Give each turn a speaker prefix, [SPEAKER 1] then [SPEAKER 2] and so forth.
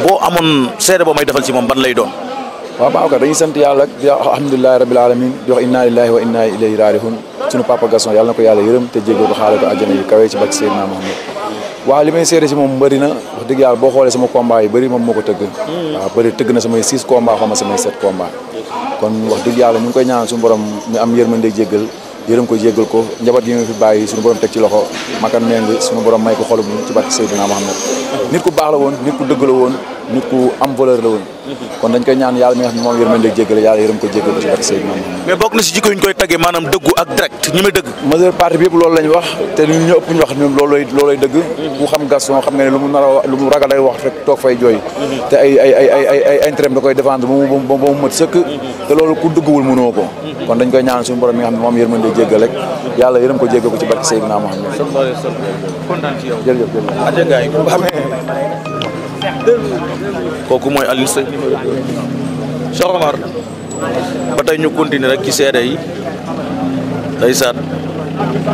[SPEAKER 1] boo amoon seede boo may defal ci moom ban lay doon. waaw Babacar dañuy sant yàlla ak alhamdulilahi rabil di wax inna lillahi wa inna ilayhi raji'un sunu papa Gaston yàlla na ko yàlla yërëm te jégal ko xaale ko àjjana yu kawee ci bàcc Seydina Mohamed waaw li may seede si moom bëri wax dëgg yàlla boo xoolee sama combat yi bëri moom moo ko tëgg hmm. waaw bëri tëgg na samay six combat xaw samay sept combat kon wax dëgg yàlla ñu ngi koy ñaanal suñu borom ñu yeureum ko jéggal ko njabat gi nga fi bayyi suñu borom tek ci loxo makan meng suñu borom may ko xolum ci bat Seydina Mohamed nit ku bax la won nit ku dëgg la woon nit ku am voleur la won kon dañ koy ñaan yalla mi nga xam mom yeureum yërmande jéggal yalla yeureum ko jéggal ci bat Seydina Mohamed mais bokk na ci jikko ñu koy tagge manam dëggu ak direct ñu may deug majeur parti bi yëpp loolu lañ wax te ñun ñu ëpp ñu wax ñom loolu lay loolu lay dëgg ku xam Gaston xam nga ne lu mu nara lu mu ragal ay wax rek tok fay joy te ay ay ay ay ay intérêt da koy défendre ba mu mët sëkk te loolu ku deugul mënoo ko kon dañ koy ñaan suñu borom mi nga xam mom yeureum yërmande may jéggal rek yàlla yërëm ko jéggal ko ci barke Seydina Muhammad kontaan ci yow kooku mooy Alioune Seye Cheikh Omar ba tey ñu continuer rek ci seede yi day